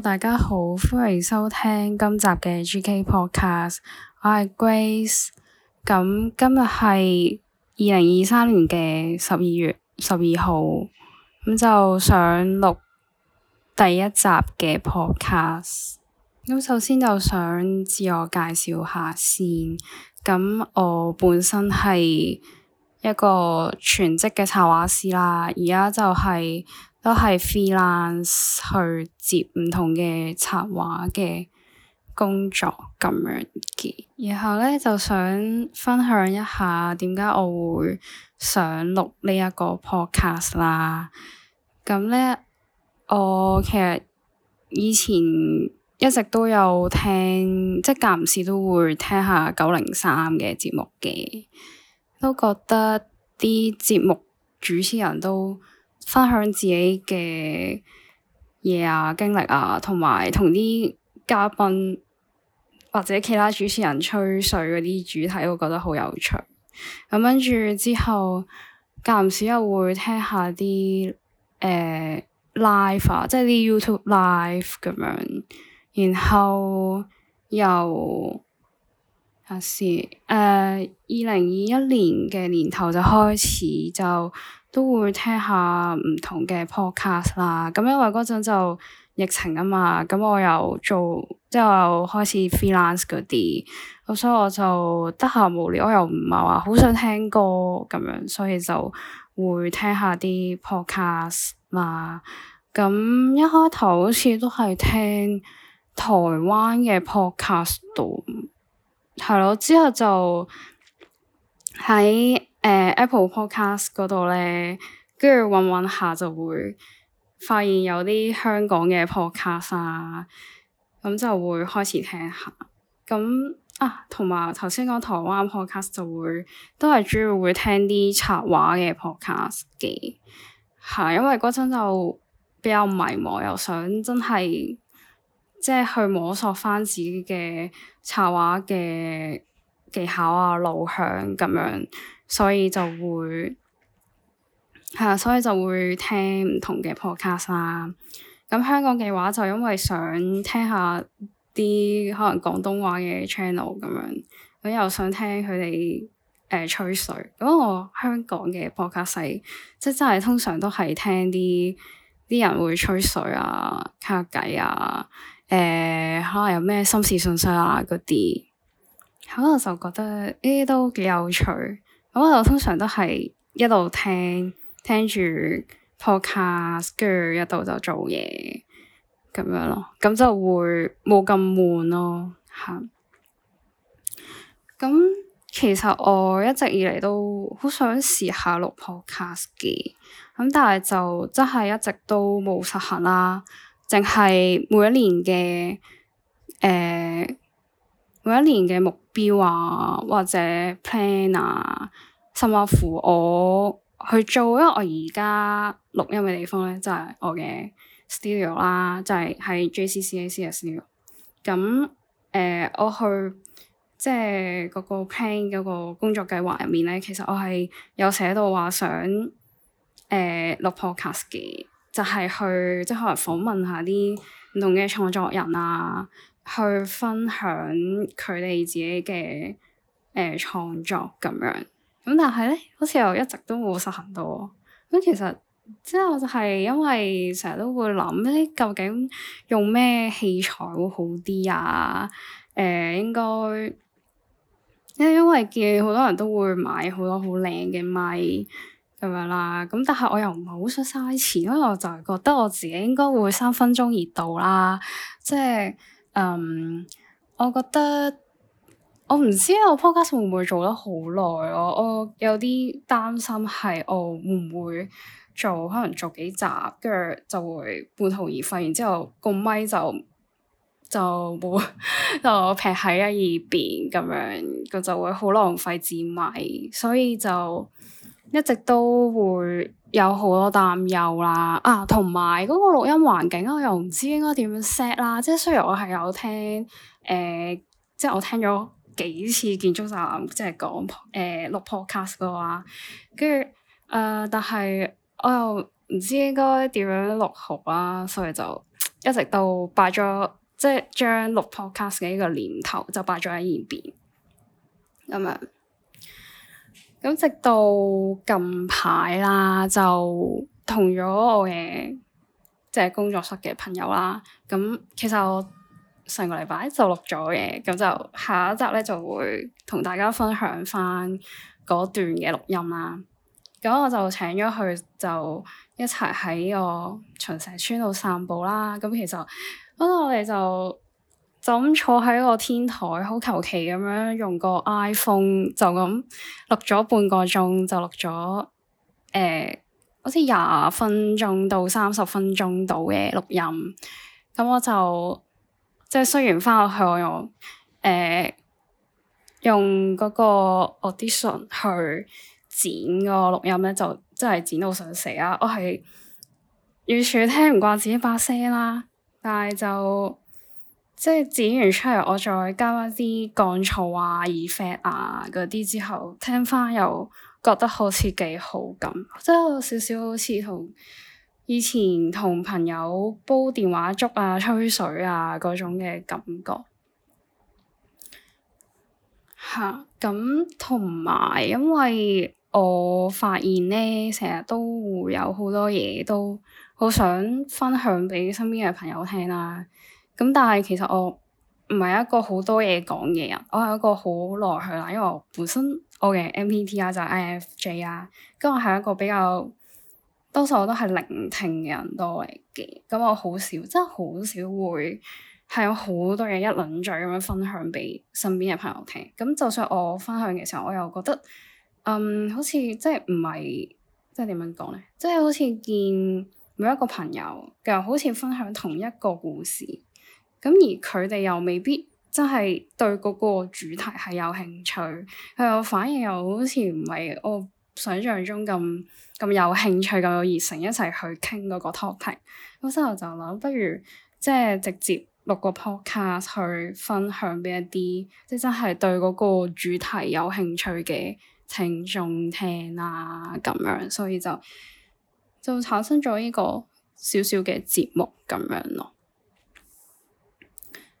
大家好，歡迎收聽今集嘅 GK Podcast，我係 Grace，咁今日係二零二三年嘅十二月十二號，咁就想錄第一集嘅 Podcast，咁首先就想自我介紹下先，咁我本身係一個全職嘅插畫師啦，而家就係、是。都係 freelance 去接唔同嘅插畫嘅工作咁樣嘅，然後咧就想分享一下點解我會想錄呢一個 podcast 啦。咁咧，我其實以前一直都有聽，即係間唔時都會聽下九零三嘅節目嘅，都覺得啲節目主持人都～分享自己嘅嘢啊、經歷啊，同埋同啲嘉賓或者其他主持人吹水嗰啲主題，我覺得好有趣。咁跟住之後，暫時又會聽下啲誒、呃、live 啊，即係啲 YouTube Live 咁樣，然後又下是誒，二零二一年嘅年頭就開始就都會聽下唔同嘅 podcast 啦。咁因為嗰陣就疫情啊嘛，咁我又做之後又開始 freelance 嗰啲，咁所以我就得閒無聊，我又唔係話好想聽歌咁樣，所以就會聽下啲 podcast 啦。咁一開頭好似都係聽台灣嘅 podcast 多。係咯，之後就喺、呃、Apple Podcast 嗰度咧，跟住揾揾下就會發現有啲香港嘅 Podcast 啊，咁就會開始聽下。咁啊，同埋頭先講台灣 Podcast 就會都係主要會聽啲插畫嘅 Podcast 嘅，係因為嗰陣就比較迷茫，又想真係。即係去摸索翻自己嘅插畫嘅技巧啊、路向咁樣，所以就會係啊，所以就會聽唔同嘅 podcast 啦。咁香港嘅話就因為想聽下啲可能廣東話嘅 channel 咁樣，咁又想聽佢哋誒吹水。咁、啊、我香港嘅 podcast 即係真係通常都係聽啲啲人會吹水啊、傾偈啊。誒、呃，可能有咩心事信息啊，嗰啲，可能就覺得呢啲、欸、都幾有趣。咁我通常都係一路聽聽住 Podcast，跟住一路就做嘢，咁樣咯。咁就會冇咁悶咯，吓。咁、嗯、其實我一直以嚟都好想試下錄 Podcast 嘅，咁但係就真係一直都冇實行啦。淨係每一年嘅誒、呃，每一年嘅目標啊，或者 plan 啊，甚至乎我去做，因為我而家錄音嘅地方咧，就係、是、我嘅 studio 啦，就係、是、喺 JCCAC 嘅 studio。咁、呃、誒，我去即係嗰個 plan 嗰個工作計劃入面咧，其實我係有寫到話想誒、呃、錄 podcast 嘅。就係去即係可能訪問下啲唔同嘅創作人啊，去分享佢哋自己嘅誒、呃、創作咁樣。咁但係咧，好似又一直都冇實行到。咁其實之後就係、是、因為成日都會諗，呢究竟用咩器材會好啲啊？誒、呃，應該因為見好多人都會買好多好靚嘅咪咁樣啦，咁但係我又唔係好想嘥錢，因為我就係覺得我自己應該會三分鐘熱度啦，即係，嗯，我覺得我唔知我 podcast 會唔會做得好耐咯，我有啲擔心係我會唔會做可能做幾集，跟住就會半途而廢，然之後個咪就就冇 就劈喺一邊咁樣，佢就會好浪費字米，所以就。一直都會有好多擔憂啦，啊，同埋嗰個錄音環境，我又唔知應該點樣 set 啦。即係雖然我係有聽，誒、呃，即係我聽咗幾次建築站，即係講誒錄 podcast 嘅話，跟住誒，但係我又唔知應該點樣錄好啦，所以就一直都擺咗，即係將錄 podcast 嘅呢個念頭就擺咗喺一邊，咁樣。咁直到近排啦，就同咗我嘅即係工作室嘅朋友啦。咁其實我上個禮拜就錄咗嘢，咁就下一集咧就會同大家分享翻嗰段嘅錄音啦。咁我就請咗佢就一齊喺我巡蛇村度散步啦。咁其實嗰、嗰個、我哋就～就咁坐喺個天台，好求其咁樣用個 iPhone 就咁錄咗半個鐘，就錄咗誒，好似廿分鐘到三十分鐘度嘅錄音。咁我就即係雖然翻去我、欸、用誒用嗰個 Audition 去剪個錄音咧，就真係剪到想死呀！我係完全聽唔慣自己把聲啦，但係就。即係剪完出嚟，我再加一啲降燥啊、耳 f f 啊嗰啲之後，聽翻又覺得好似幾好咁，即係有少少好似同以前同朋友煲電話粥啊、吹水啊嗰種嘅感覺。吓、啊，咁同埋，因為我發現咧，成日都會有好多嘢都好想分享俾身邊嘅朋友聽啦、啊。咁但係其實我唔係一個好多嘢講嘅人，我係一個好內向啦。因為我本身我嘅 MBTI、啊、就係、INFJ 啦、啊，咁我係一個比較多數我都係聆聽嘅人多嚟嘅。咁我好少，真係好少會係有好多嘢一輪嘴咁樣分享俾身邊嘅朋友聽。咁就算我分享嘅時候，我又覺得嗯好似即係唔係即係點樣講咧？即係好似見每一個朋友又好似分享同一個故事。咁而佢哋又未必真係對嗰個主題係有興趣，佢又反而又好似唔係我想像中咁咁有興趣、咁熱誠一齊去傾嗰個 topic。咁之後就諗，不如即係直接錄個 podcast 去分享俾一啲即係真係對嗰個主題有興趣嘅聽眾聽啊咁樣，所以就就產生咗呢個小小嘅節目咁樣咯。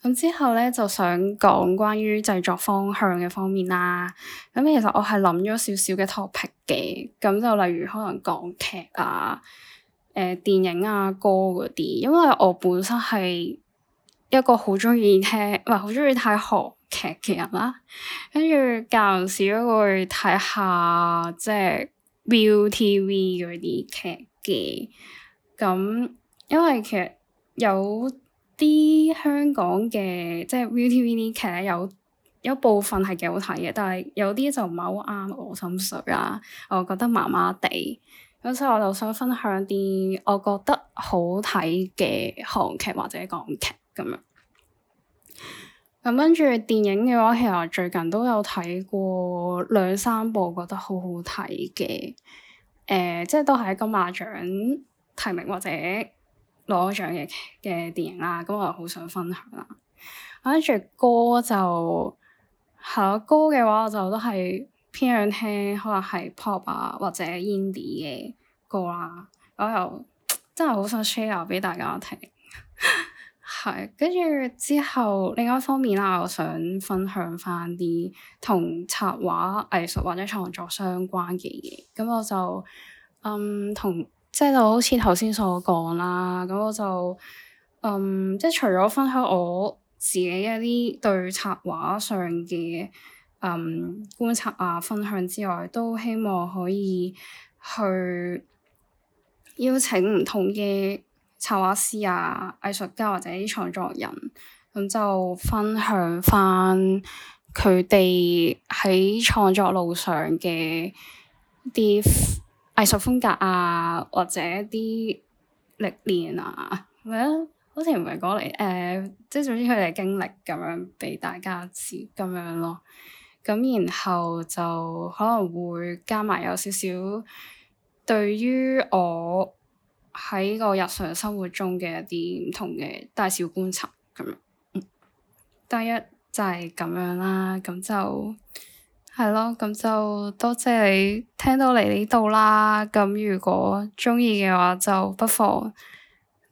咁之後咧，就想講關於製作方向嘅方面啦。咁其實我係諗咗少少嘅 topic 嘅，咁就例如可能港劇啊、誒、呃、電影啊、歌嗰啲，因為我本身係一個好鍾意聽唔係好鍾意睇韓劇嘅人啦，跟住較少會睇下即係 Viu TV 嗰啲劇嘅。咁因為其實有。啲香港嘅即係 ViuTV 啲劇咧，有有一部分係幾好睇嘅，但係有啲就唔係好啱我心水啊，我覺得麻麻地咁，所以我就想分享啲我覺得好睇嘅韓劇或者港劇咁樣。咁跟住電影嘅話，其實我最近都有睇過兩三部，覺得好好睇嘅，誒、呃，即係都係一個金馬獎提名或者。攞獎嘅嘅電影啦，咁我就好想分享啦。跟住歌就係歌嘅話，我就都係偏向聽可能係 pop 啊或者 indie 嘅歌啦。我又真係好想 share 俾大家聽。係跟住之後，另外一方面啦，我想分享翻啲同插畫藝術或者創作相關嘅嘢。咁我就嗯同。即係就好似頭先所講啦，咁我就，嗯，即係除咗分享我自己一啲對插畫上嘅，嗯，觀察啊分享之外，都希望可以去邀請唔同嘅插畫師啊、藝術家或者創作人，咁就分享翻佢哋喺創作路上嘅啲。藝術風格啊，或者一啲歷練啊，咁、well, 樣好似唔係講嚟誒，即係總之佢哋嘅經歷咁樣俾大家知咁樣咯。咁然後就可能會加埋有少少對於我喺個日常生活中嘅一啲唔同嘅大小觀察咁樣。第、嗯、一就係咁樣啦，咁就。係咯，咁 就多謝你聽到嚟呢度啦。咁如果鍾意嘅話，就不妨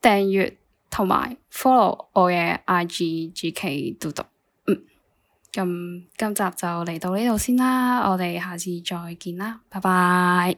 訂閱同埋 follow 我嘅 IG G K 嘟嘟。嗯，咁今集就嚟到呢度先啦，我哋下次再見啦，拜拜。